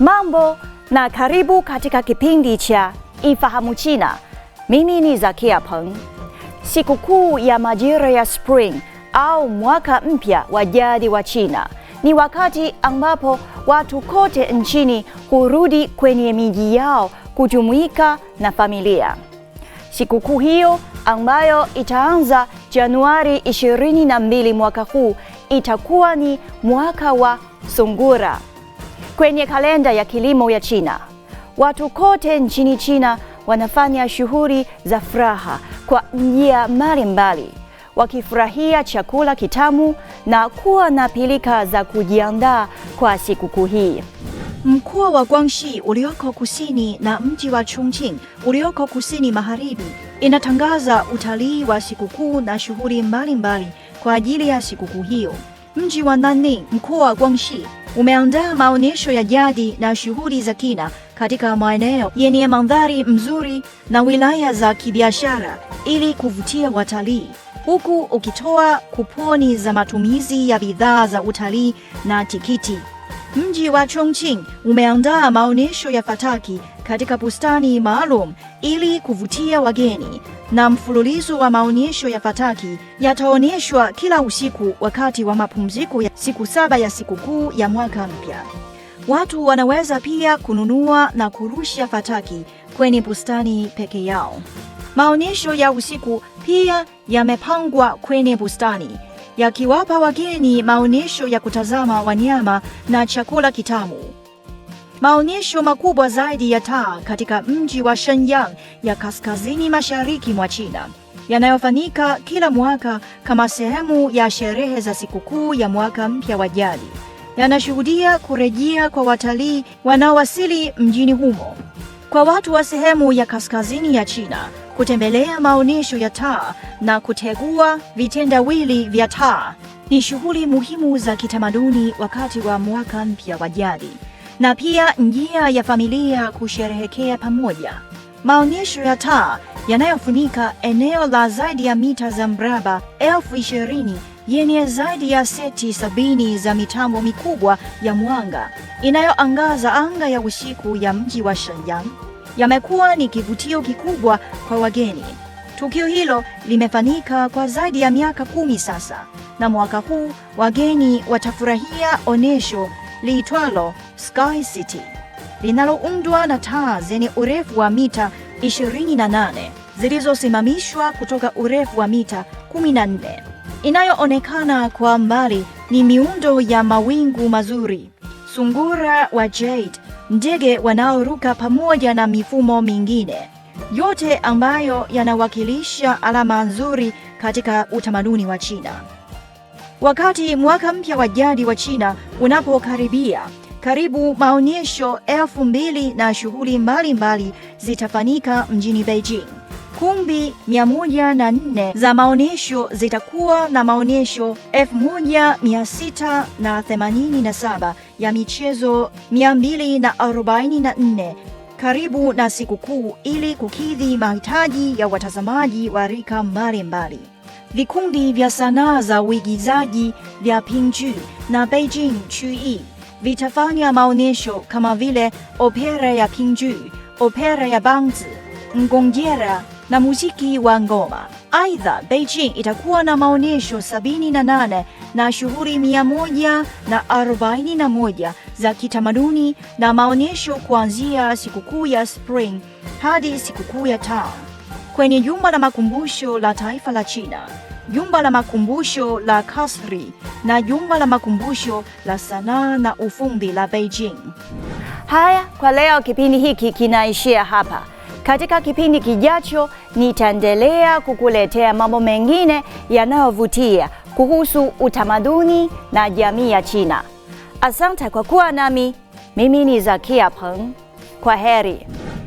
Mambo na karibu katika kipindi cha Ifahamu China. Mimi ni Zakia Peng. Sikukuu ya majira ya spring au mwaka mpya wa jadi wa China ni wakati ambapo watu kote nchini hurudi kwenye miji yao kujumuika na familia. Sikukuu hiyo ambayo itaanza Januari 22 mwaka huu itakuwa ni mwaka wa sungura kwenye kalenda ya kilimo ya China. Watu kote nchini China wanafanya shughuli za furaha kwa njia mbalimbali, wakifurahia chakula kitamu na kuwa na pilika za kujiandaa kwa sikukuu hii. Mkoa wa Guangxi ulioko kusini na mji wa Chongqing ulioko kusini magharibi inatangaza utalii wa sikukuu na shughuli mbalimbali kwa ajili ya sikukuu hiyo. Mji wa Nanning, mkoa wa Guangxi umeandaa maonyesho ya jadi na shughuli za kina katika maeneo yenye mandhari mzuri na wilaya za kibiashara ili kuvutia watalii huku ukitoa kuponi za matumizi ya bidhaa za utalii na tikiti. Mji wa Chongqing umeandaa maonyesho ya fataki katika bustani maalum ili kuvutia wageni na mfululizo wa maonyesho ya fataki yataonyeshwa kila usiku wakati wa mapumziko ya siku saba ya sikukuu ya mwaka mpya. Watu wanaweza pia kununua na kurusha fataki kwenye bustani peke yao. Maonyesho ya usiku pia yamepangwa kwenye bustani yakiwapa wageni maonyesho ya kutazama wanyama na chakula kitamu. Maonyesho makubwa zaidi ya taa katika mji wa Shenyang ya kaskazini mashariki mwa China yanayofanyika kila mwaka kama sehemu ya sherehe za sikukuu ya mwaka mpya wa jadi yanashuhudia kurejea kwa watalii wanaowasili mjini humo. Kwa watu wa sehemu ya kaskazini ya China kutembelea maonyesho ya taa na kutegua vitendawili vya taa ni shughuli muhimu za kitamaduni wakati wa mwaka mpya wa jadi na pia njia ya familia kusherehekea pamoja. Maonyesho ya taa yanayofunika eneo la zaidi ya mita za mraba elfu ishirini yenye zaidi ya seti sabini za mitambo mikubwa ya mwanga inayoangaza anga ya usiku ya mji wa Shenyang yamekuwa ni kivutio kikubwa kwa wageni. Tukio hilo limefanyika kwa zaidi ya miaka kumi sasa, na mwaka huu wageni watafurahia onesho liitwalo Sky City linaloundwa na taa zenye urefu wa mita 28 zilizosimamishwa kutoka urefu wa mita 14. Inayoonekana kwa mbali ni miundo ya mawingu mazuri, sungura wa jade, ndege wanaoruka pamoja na mifumo mingine, yote ambayo yanawakilisha alama nzuri katika utamaduni wa China. Wakati mwaka mpya wa jadi wa China unapokaribia, karibu maonyesho elfu mbili na shughuli mbalimbali zitafanyika mjini Beijing. Kumbi nne za maonyesho zitakuwa na maonyesho 1687 ya michezo 244 karibu na sikukuu ili kukidhi mahitaji ya watazamaji wa rika mbalimbali vikundi vya sanaa za uigizaji vya Pingju na Beijing Chuyi vitafanya maonyesho kama vile opera ya Pingju, opera ya Bangzi, ngongera na muziki wa ngoma. Aidha, Beijing itakuwa na maonyesho 78 na, na shughuli 141 za kitamaduni na maonyesho kuanzia sikukuu ya Spring hadi sikukuu ya Tao kwenye jumba la makumbusho la taifa la China jumba la makumbusho la Kasri na jumba la makumbusho la sanaa na ufundi la Beijing. Haya, kwa leo kipindi hiki kinaishia hapa. Katika kipindi kijacho nitaendelea kukuletea mambo mengine yanayovutia kuhusu utamaduni na jamii ya China. Asante kwa kuwa nami. Mimi ni Zakia Peng. Kwa heri.